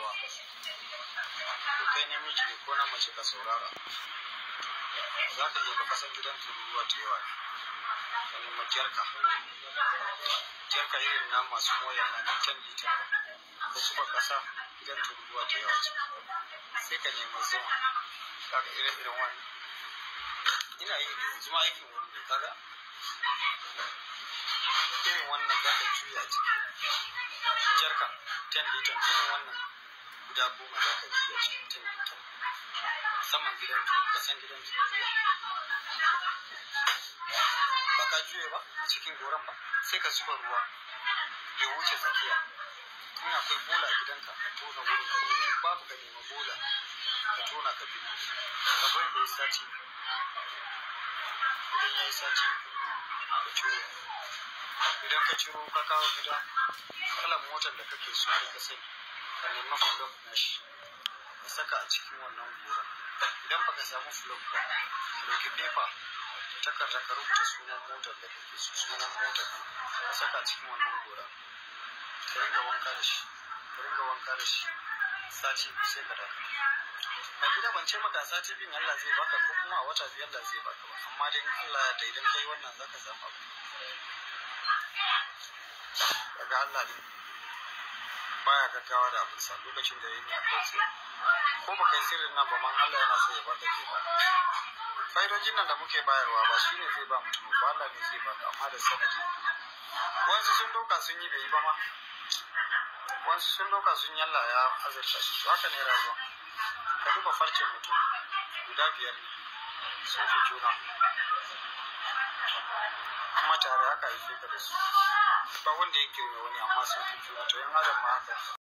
kowa ko kai namiji ne ko na mace ka saurara za ka iya baka san gidan tururuwa ta yawa ne ka nemi jarka jarka irin na masu moyan na kyan lita ko kuma kasa gidan tururuwa ta yawa ce sai ka nemi zuma kaga irin irin wani ina yi yanzu ma aikin wani ne kaga irin wannan za ka juya ciki jarka 10 litan irin wannan guda goma za ka iya cikin tun saman gidan kasan gidan ba ka juye ba cikin goron ba sai ka zuba ruwa ya wuce tsakiya in akwai bola a gidanka ka tona wurin ka yi babu ka nema bola ka tona ka bi ka bari da ya sati idan ya yi sace ka ciro idan ka ciro ka kawo gida kalan motar da kake so ka sani ka nemi flop na shi ka saka a cikin wannan goron idan baka samu flop ba ka ɗauki pepa takarda ka rubuta sunan motar da kake so sunan motar ka saka a cikin wannan goron ka ringa wanka da shi ka ringa wanka da shi sati biyu sai ka dakata mai gida ban ce maka sati biyun Allah zai baka ko kuma a wata biyar da zai baka ba amma dai in Allah ya daidan kai wannan zaka samu abu daga Allah ne baya gaggawa da sa lokacin da ya yi akwai sai ko ba kai sirrin nan ba man Allah yana so ya baka ke ba fa'idojin nan da muke bayarwa ba shine zai ba mutum ba Allah ne zai baka amma da sanadi wasu sun doka sun yi bai yi ba ma wasu sun doka sun yi Allah ya azurta shi to haka ne rayuwa ka duba farcen mutum guda biyar sun fi juna kuma tare haka haife ka da su ba wanda ya girme wani amma sun fi juna to yan adam ma haka